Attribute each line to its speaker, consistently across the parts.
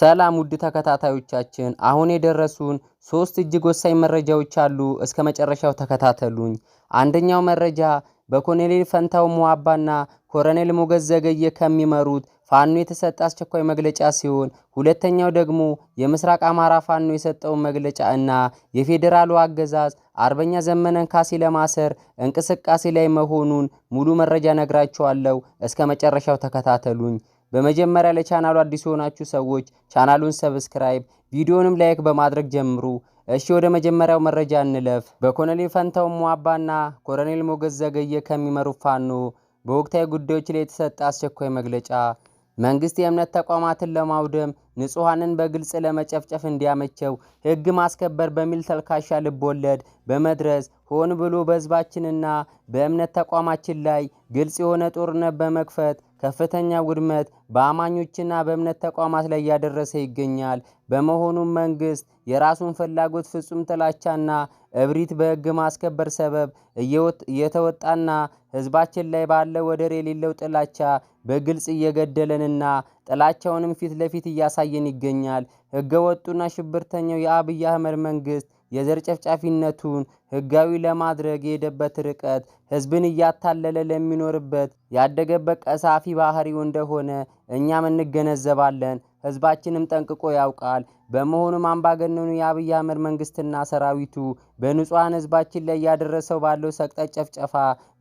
Speaker 1: ሰላም ውድ ተከታታዮቻችን፣ አሁን የደረሱን ሶስት እጅግ ወሳኝ መረጃዎች አሉ። እስከ መጨረሻው ተከታተሉኝ። አንደኛው መረጃ በኮሎኔል ፈንታው መዋባና ኮሎኔል ሞገዝ ዘገየ ከሚመሩት ፋኖ የተሰጠ አስቸኳይ መግለጫ ሲሆን ሁለተኛው ደግሞ የምስራቅ አማራ ፋኖ የሰጠውን መግለጫ እና የፌዴራሉ አገዛዝ አርበኛ ዘመነን ካሴ ለማሰር እንቅስቃሴ ላይ መሆኑን ሙሉ መረጃ ነግራቸዋለሁ። እስከ መጨረሻው ተከታተሉኝ። በመጀመሪያ ለቻናሉ አዲስ የሆናችሁ ሰዎች ቻናሉን ሰብስክራይብ፣ ቪዲዮንም ላይክ በማድረግ ጀምሩ። እሺ ወደ መጀመሪያው መረጃ እንለፍ። በኮሎኔል ፈንታው ሟባና ኮሎኔል ሞገስ ዘገየ ከሚመሩ ፋኖ በወቅታዊ ጉዳዮች ላይ የተሰጠ አስቸኳይ መግለጫ መንግስት የእምነት ተቋማትን ለማውደም ንጹሐንን በግልጽ ለመጨፍጨፍ እንዲያመቸው ህግ ማስከበር በሚል ተልካሻ ልብ ወለድ በመድረስ ሆን ብሎ በህዝባችንና በእምነት ተቋማችን ላይ ግልጽ የሆነ ጦርነት በመክፈት ከፍተኛ ውድመት በአማኞችና በእምነት ተቋማት ላይ እያደረሰ ይገኛል። በመሆኑም መንግስት የራሱን ፍላጎት ፍጹም ጥላቻና እብሪት በህግ ማስከበር ሰበብ እየተወጣና ህዝባችን ላይ ባለ ወደር የሌለው ጥላቻ በግልጽ እየገደለንና ጥላቻውንም ፊት ለፊት እያሳየን ይገኛል። ህገ ወጡና ሽብርተኛው የአብይ አህመድ መንግስት የዘር ጨፍጫፊነቱን ህጋዊ ለማድረግ የሄደበት ርቀት ህዝብን እያታለለ ለሚኖርበት ያደገበት ቀሳፊ ባህሪው እንደሆነ እኛም እንገነዘባለን። ህዝባችንም ጠንቅቆ ያውቃል። በመሆኑም አምባገነኑ የአብይ አህመድ መንግስትና ሰራዊቱ በንጹሐን ህዝባችን ላይ እያደረሰው ባለው ሰቅጠ ጨፍጨፋ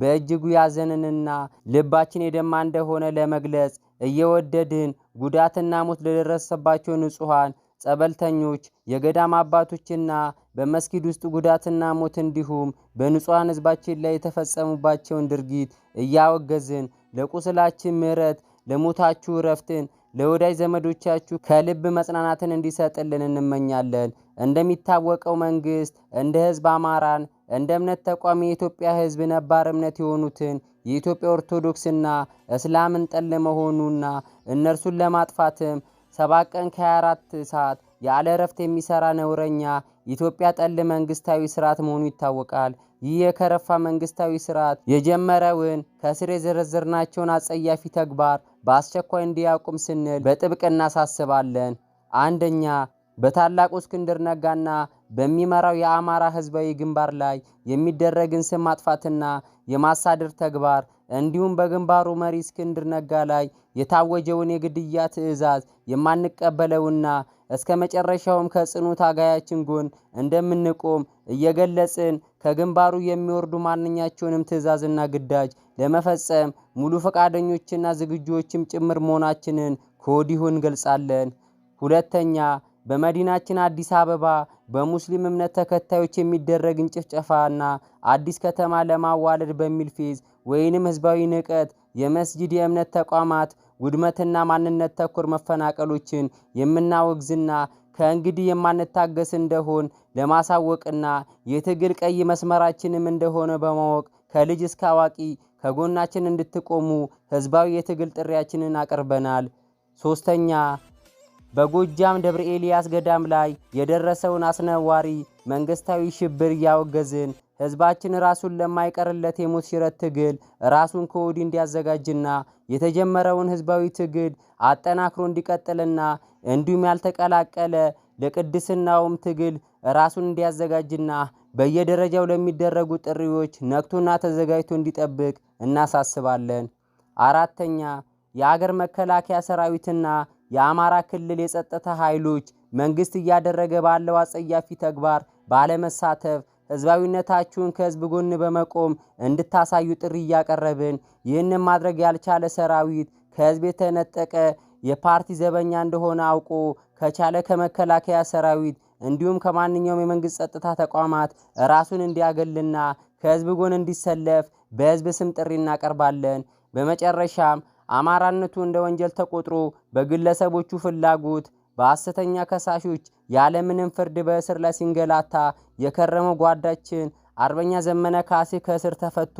Speaker 1: በእጅጉ ያዘንንና ልባችን የደማ እንደሆነ ለመግለጽ እየወደድን ጉዳትና ሞት ለደረሰባቸው ንጹሐን ጸበልተኞች፣ የገዳም አባቶችና በመስጊድ ውስጥ ጉዳትና ሞት እንዲሁም በንጹሐን ሕዝባችን ላይ የተፈጸሙባቸውን ድርጊት እያወገዝን ለቁስላችን ምሕረት፣ ለሞታችሁ እረፍትን፣ ለወዳጅ ዘመዶቻችሁ ከልብ መጽናናትን እንዲሰጥልን እንመኛለን። እንደሚታወቀው መንግስት እንደ ሕዝብ አማራን እንደ እምነት ተቋም የኢትዮጵያ ሕዝብ ነባር እምነት የሆኑትን የኢትዮጵያ ኦርቶዶክስና እስላምን ጠል መሆኑና እነርሱን ለማጥፋትም ሰባት ቀን ከ24 ሰዓት ያለ እረፍት የሚሰራ ነውረኛ ኢትዮጵያ ጠል መንግስታዊ ስርዓት መሆኑ ይታወቃል። ይህ የከረፋ መንግስታዊ ስርዓት የጀመረውን ከስር የዘረዘርናቸውን አጸያፊ ተግባር በአስቸኳይ እንዲያቁም ስንል በጥብቅ እናሳስባለን። አንደኛ በታላቁ እስክንድር ነጋና በሚመራው የአማራ ህዝባዊ ግንባር ላይ የሚደረግን ስም ማጥፋትና የማሳደር ተግባር እንዲሁም በግንባሩ መሪ እስክንድር ነጋ ላይ የታወጀውን የግድያ ትዕዛዝ የማንቀበለውና እስከ መጨረሻውም ከጽኑ ታጋያችን ጎን እንደምንቆም እየገለጽን ከግንባሩ የሚወርዱ ማንኛቸውንም ትዕዛዝና ግዳጅ ለመፈጸም ሙሉ ፈቃደኞችና ዝግጁዎችም ጭምር መሆናችንን ከወዲሁ እንገልጻለን። ሁለተኛ በመዲናችን አዲስ አበባ በሙስሊም እምነት ተከታዮች የሚደረግን ጭፍጨፋና አዲስ ከተማ ለማዋለድ በሚል ፌዝ ወይንም ህዝባዊ ንቀት የመስጂድ የእምነት ተቋማት ውድመትና ማንነት ተኮር መፈናቀሎችን የምናወግዝና ከእንግዲህ የማንታገስ እንደሆን ለማሳወቅና የትግል ቀይ መስመራችንም እንደሆነ በማወቅ ከልጅ እስከ አዋቂ ከጎናችን እንድትቆሙ ህዝባዊ የትግል ጥሪያችንን አቅርበናል። ሶስተኛ በጎጃም ደብረ ኤልያስ ገዳም ላይ የደረሰውን አስነዋሪ መንግስታዊ ሽብር እያወገዝን ህዝባችን ራሱን ለማይቀርለት የሞት ሽረት ትግል ራሱን ከወዲህ እንዲያዘጋጅና የተጀመረውን ህዝባዊ ትግል አጠናክሮ እንዲቀጥልና እንዲሁም ያልተቀላቀለ ለቅድስናውም ትግል ራሱን እንዲያዘጋጅና በየደረጃው ለሚደረጉ ጥሪዎች ነቅቶና ተዘጋጅቶ እንዲጠብቅ እናሳስባለን። አራተኛ የአገር መከላከያ ሰራዊትና የአማራ ክልል የጸጥታ ኃይሎች መንግስት እያደረገ ባለው አጸያፊ ተግባር ባለመሳተፍ ህዝባዊነታችሁን ከህዝብ ጎን በመቆም እንድታሳዩ ጥሪ እያቀረብን ይህንን ማድረግ ያልቻለ ሰራዊት ከህዝብ የተነጠቀ የፓርቲ ዘበኛ እንደሆነ አውቆ ከቻለ ከመከላከያ ሰራዊት እንዲሁም ከማንኛውም የመንግስት ጸጥታ ተቋማት ራሱን እንዲያገልና ከህዝብ ጎን እንዲሰለፍ በህዝብ ስም ጥሪ እናቀርባለን። በመጨረሻም አማራነቱ እንደ ወንጀል ተቆጥሮ በግለሰቦቹ ፍላጎት በሐሰተኛ ከሳሾች ያለምንም ፍርድ በእስር ላይ ሲንገላታ የከረመው ጓዳችን አርበኛ ዘመነ ካሴ ከእስር ተፈቶ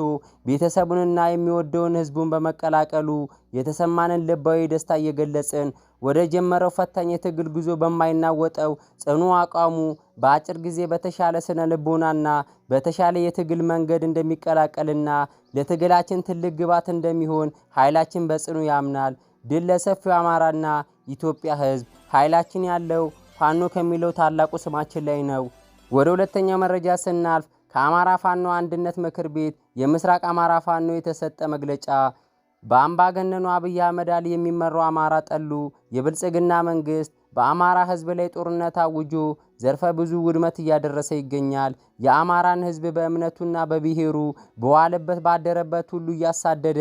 Speaker 1: ቤተሰቡንና የሚወደውን ህዝቡን በመቀላቀሉ የተሰማንን ልባዊ ደስታ እየገለጽን ወደ ጀመረው ፈታኝ የትግል ጉዞ በማይናወጠው ጽኑ አቋሙ በአጭር ጊዜ በተሻለ ስነ ልቦናና በተሻለ የትግል መንገድ እንደሚቀላቀልና ለትግላችን ትልቅ ግባት እንደሚሆን ኃይላችን በጽኑ ያምናል። ድል ለሰፊው አማራና ኢትዮጵያ ህዝብ ኃይላችን ያለው ፋኖ ከሚለው ታላቁ ስማችን ላይ ነው። ወደ ሁለተኛው መረጃ ስናልፍ ከአማራ ፋኖ አንድነት ምክር ቤት የምስራቅ አማራ ፋኖ የተሰጠ መግለጫ በአምባገነኑ አብይ አህመድ አሊ የሚመራው አማራ ጠሉ የብልጽግና መንግስት በአማራ ህዝብ ላይ ጦርነት አውጆ ዘርፈ ብዙ ውድመት እያደረሰ ይገኛል። የአማራን ህዝብ በእምነቱና በብሔሩ በዋለበት ባደረበት ሁሉ እያሳደደ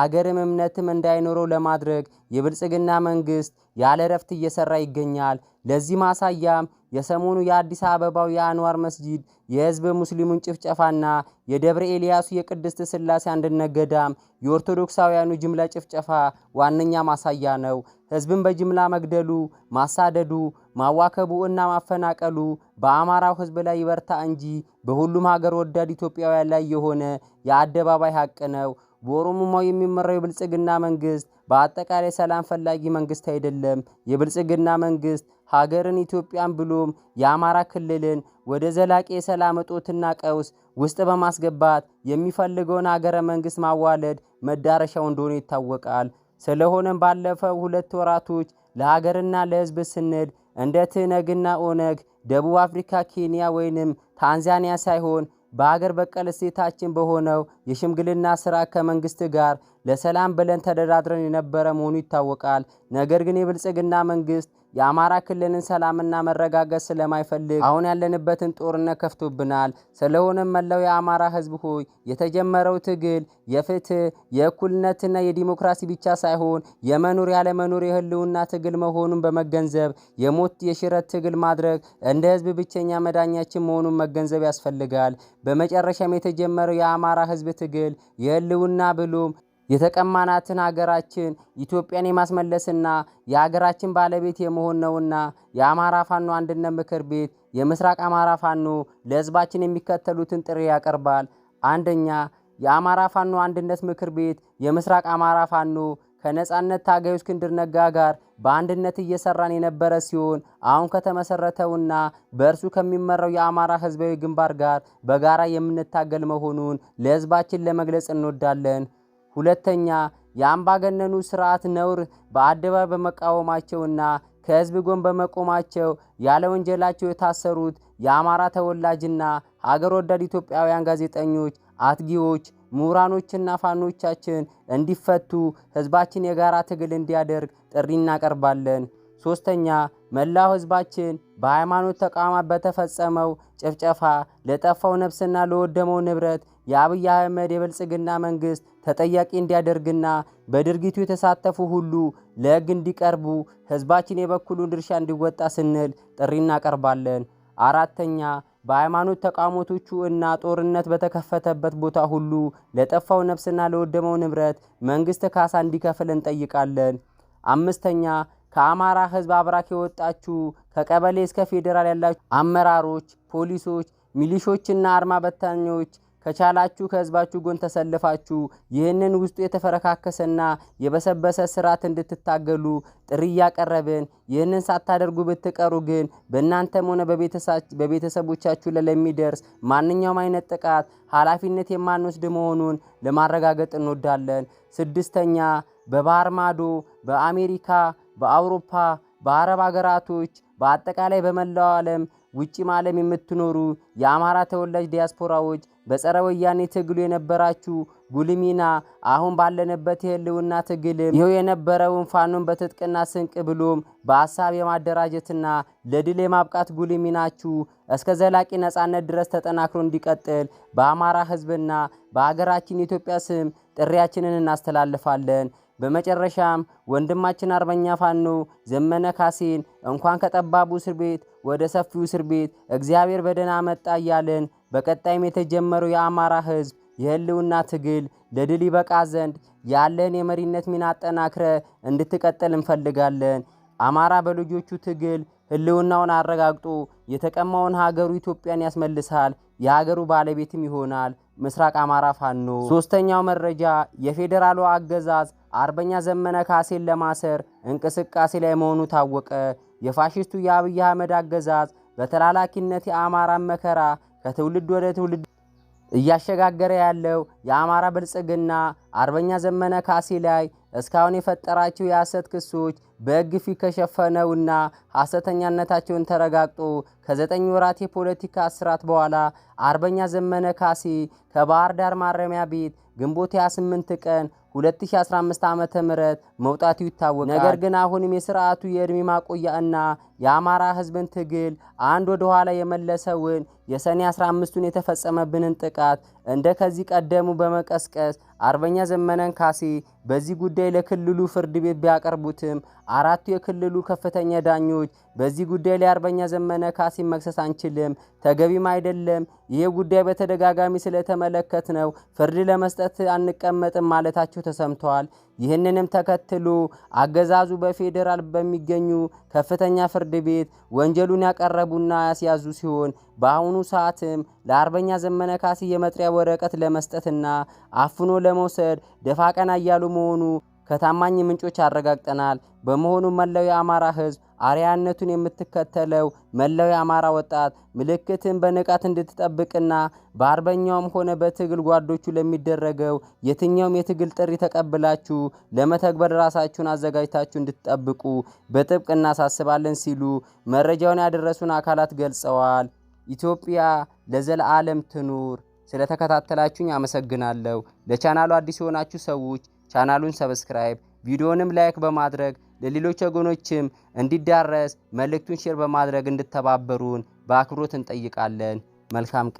Speaker 1: አገርም እምነትም እንዳይኖረው ለማድረግ የብልጽግና መንግስት ያለ እየሰራ ይገኛል። ለዚህ ማሳያም የሰሞኑ የአዲስ አበባው የአንዋር መስጂድ የህዝብ ሙስሊሙን ጭፍጨፋና የደብረ ኤልያሱ የቅድስት ስላሴ አንድነት ገዳም የኦርቶዶክሳውያኑ ጅምላ ጭፍጨፋ ዋነኛ ማሳያ ነው። ህዝብን በጅምላ መግደሉ፣ ማሳደዱ፣ ማዋከቡ እና ማፈናቀሉ በአማራው ህዝብ ላይ ይበርታ እንጂ በሁሉም ሀገር ወዳድ ኢትዮጵያውያን ላይ የሆነ የአደባባይ ሀቅ ነው። በኦሮሞማው የሚመራው የብልጽግና መንግስት በአጠቃላይ ሰላም ፈላጊ መንግስት አይደለም። የብልጽግና መንግስት ሀገርን ኢትዮጵያን ብሎም የአማራ ክልልን ወደ ዘላቂ የሰላም እጦትና ቀውስ ውስጥ በማስገባት የሚፈልገውን ሀገረ መንግስት ማዋለድ መዳረሻው እንደሆነ ይታወቃል። ስለሆነም ባለፈው ሁለት ወራቶች ለሀገርና ለህዝብ ስንል እንደ ትነግና ኦነግ ደቡብ አፍሪካ፣ ኬንያ ወይንም ታንዛኒያ ሳይሆን በሀገር በቀል እሴታችን በሆነው የሽምግልና ስራ ከመንግስት ጋር ለሰላም ብለን ተደራድረን የነበረ መሆኑ ይታወቃል። ነገር ግን የብልጽግና መንግስት የአማራ ክልልን ሰላምና መረጋጋት ስለማይፈልግ አሁን ያለንበትን ጦርነት ከፍቶብናል። ስለሆነም መላው የአማራ ሕዝብ ሆይ የተጀመረው ትግል የፍትህ የእኩልነትና የዲሞክራሲ ብቻ ሳይሆን የመኖር ያለመኖር የህልውና ትግል መሆኑን በመገንዘብ የሞት የሽረት ትግል ማድረግ እንደ ሕዝብ ብቸኛ መዳኛችን መሆኑን መገንዘብ ያስፈልጋል። በመጨረሻም የተጀመረው የአማራ ሕዝብ ትግል የህልውና ብሎም የተቀማናትን ሀገራችን ኢትዮጵያን የማስመለስና የሀገራችን ባለቤት የመሆን ነውና የአማራ ፋኖ አንድነት ምክር ቤት የምስራቅ አማራ ፋኖ ለህዝባችን የሚከተሉትን ጥሪ ያቀርባል። አንደኛ፣ የአማራ ፋኖ አንድነት ምክር ቤት የምስራቅ አማራ ፋኖ ከነጻነት ታጋዩ እስክንድር ነጋ ጋር በአንድነት እየሰራን የነበረ ሲሆን አሁን ከተመሰረተውና በእርሱ ከሚመራው የአማራ ህዝባዊ ግንባር ጋር በጋራ የምንታገል መሆኑን ለህዝባችን ለመግለጽ እንወዳለን። ሁለተኛ የአምባገነኑ ስርዓት ነውር በአደባባይ በመቃወማቸውና ከህዝብ ጎን በመቆማቸው ያለ ወንጀላቸው የታሰሩት የአማራ ተወላጅና አገር ወዳድ ኢትዮጵያውያን ጋዜጠኞች፣ አትጊዎች፣ ምሁራኖችና ፋኖቻችን እንዲፈቱ ህዝባችን የጋራ ትግል እንዲያደርግ ጥሪ እናቀርባለን። ሶስተኛ መላው ህዝባችን በሃይማኖት ተቋማት በተፈጸመው ጭፍጨፋ ለጠፋው ነፍስና ለወደመው ንብረት የአብይ አህመድ የብልጽግና መንግስት ተጠያቂ እንዲያደርግና በድርጊቱ የተሳተፉ ሁሉ ለሕግ እንዲቀርቡ ሕዝባችን የበኩሉን ድርሻ እንዲወጣ ስንል ጥሪ እናቀርባለን። አራተኛ በሃይማኖት ተቃውሞቶቹ እና ጦርነት በተከፈተበት ቦታ ሁሉ ለጠፋው ነፍስና ለወደመው ንብረት መንግስት ካሳ እንዲከፍል እንጠይቃለን። አምስተኛ ከአማራ ህዝብ አብራክ የወጣችሁ ከቀበሌ እስከ ፌዴራል ያላችሁ አመራሮች፣ ፖሊሶች፣ ሚሊሾችና አርማ በታኞች ከቻላችሁ ከህዝባችሁ ጎን ተሰልፋችሁ ይህንን ውስጡ የተፈረካከሰና የበሰበሰ ስርዓት እንድትታገሉ ጥሪ እያቀረብን፣ ይህንን ሳታደርጉ ብትቀሩ ግን በእናንተም ሆነ በቤተሰቦቻችሁ ለሚደርስ ማንኛውም አይነት ጥቃት ኃላፊነት የማንወስድ መሆኑን ለማረጋገጥ እንወዳለን። ስድስተኛ በባህር ማዶ በአሜሪካ፣ በአውሮፓ፣ በአረብ ሀገራቶች በአጠቃላይ በመላው ዓለም ውጪም ዓለም የምትኖሩ የአማራ ተወላጅ ዲያስፖራዎች በጸረ ወያኔ ትግሉ የነበራችሁ ጉልሚና አሁን ባለንበት የህልውና ትግልም ይኸው የነበረውን ፋኖን በትጥቅና ስንቅ ብሎም በሀሳብ የማደራጀትና ለድል የማብቃት ጉልሚናችሁ እስከ ዘላቂ ነጻነት ድረስ ተጠናክሮ እንዲቀጥል በአማራ ህዝብና በሀገራችን የኢትዮጵያ ስም ጥሪያችንን እናስተላልፋለን። በመጨረሻም ወንድማችን አርበኛ ፋኖ ዘመነ ካሴን እንኳን ከጠባቡ እስር ቤት ወደ ሰፊው እስር ቤት እግዚአብሔር በደህና መጣ እያልን በቀጣይም የተጀመረው የአማራ ህዝብ የህልውና ትግል ለድል ይበቃ ዘንድ ያለን የመሪነት ሚና አጠናክረ እንድትቀጥል እንፈልጋለን። አማራ በልጆቹ ትግል ህልውናውን አረጋግጦ የተቀማውን ሀገሩ ኢትዮጵያን ያስመልሳል፣ የሀገሩ ባለቤትም ይሆናል። ምስራቅ አማራ ፋኖ። ሶስተኛው መረጃ የፌዴራሉ አገዛዝ አርበኛ ዘመነ ካሴን ለማሰር እንቅስቃሴ ላይ መሆኑ ታወቀ። የፋሽስቱ የአብይ አህመድ አገዛዝ በተላላኪነት የአማራን መከራ ከትውልድ ወደ ትውልድ እያሸጋገረ ያለው የአማራ ብልጽግና አርበኛ ዘመነ ካሴ ላይ እስካሁን የፈጠራቸው የሐሰት ክሶች በሕግ ፊት ከሸፈነውና ሐሰተኛነታቸውን ተረጋግጦ ከዘጠኝ ወራት የፖለቲካ እስራት በኋላ አርበኛ ዘመነ ካሴ ከባህር ዳር ማረሚያ ቤት ግንቦት 28 ቀን 2015 ዓ ም መውጣቱ ይታወቃል። ነገር ግን አሁንም የስርዓቱ የእድሜ ማቆያ እና የአማራ ህዝብን ትግል አንድ ወደ ኋላ የመለሰውን የሰኔ 15ቱን የተፈጸመብንን ጥቃት እንደ ከዚህ ቀደሙ በመቀስቀስ አርበኛ ዘመነን ካሴ በዚህ ጉዳይ ለክልሉ ፍርድ ቤት ቢያቀርቡትም አራቱ የክልሉ ከፍተኛ ዳኞች በዚህ ጉዳይ ላይ አርበኛ ዘመነ ካሴ በዚህ መክሰስ አንችልም፣ ተገቢም አይደለም። ይህ ጉዳይ በተደጋጋሚ ስለተመለከት ነው ፍርድ ለመስጠት አንቀመጥም ማለታቸው ተሰምተዋል። ይህንንም ተከትሎ አገዛዙ በፌዴራል በሚገኙ ከፍተኛ ፍርድ ቤት ወንጀሉን ያቀረቡና ያስያዙ ሲሆን በአሁኑ ሰዓትም ለአርበኛ ዘመነ ካሴ የመጥሪያ ወረቀት ለመስጠትና አፍኖ ለመውሰድ ደፋ ቀና እያሉ መሆኑ ከታማኝ ምንጮች አረጋግጠናል። በመሆኑ መላው የአማራ ሕዝብ አርያነቱን የምትከተለው መላው የአማራ ወጣት ምልክትን በንቃት እንድትጠብቅና በአርበኛውም ሆነ በትግል ጓዶቹ ለሚደረገው የትኛውም የትግል ጥሪ ተቀብላችሁ ለመተግበር ራሳችሁን አዘጋጅታችሁ እንድትጠብቁ በጥብቅ እናሳስባለን ሲሉ መረጃውን ያደረሱን አካላት ገልጸዋል። ኢትዮጵያ ለዘለዓለም ትኑር። ስለተከታተላችሁኝ አመሰግናለሁ። ለቻናሉ አዲስ የሆናችሁ ሰዎች ቻናሉን ሰብስክራይብ፣ ቪዲዮንም ላይክ በማድረግ ለሌሎች ወገኖችም እንዲዳረስ መልእክቱን ሼር በማድረግ እንድተባበሩን በአክብሮት እንጠይቃለን። መልካም ቀን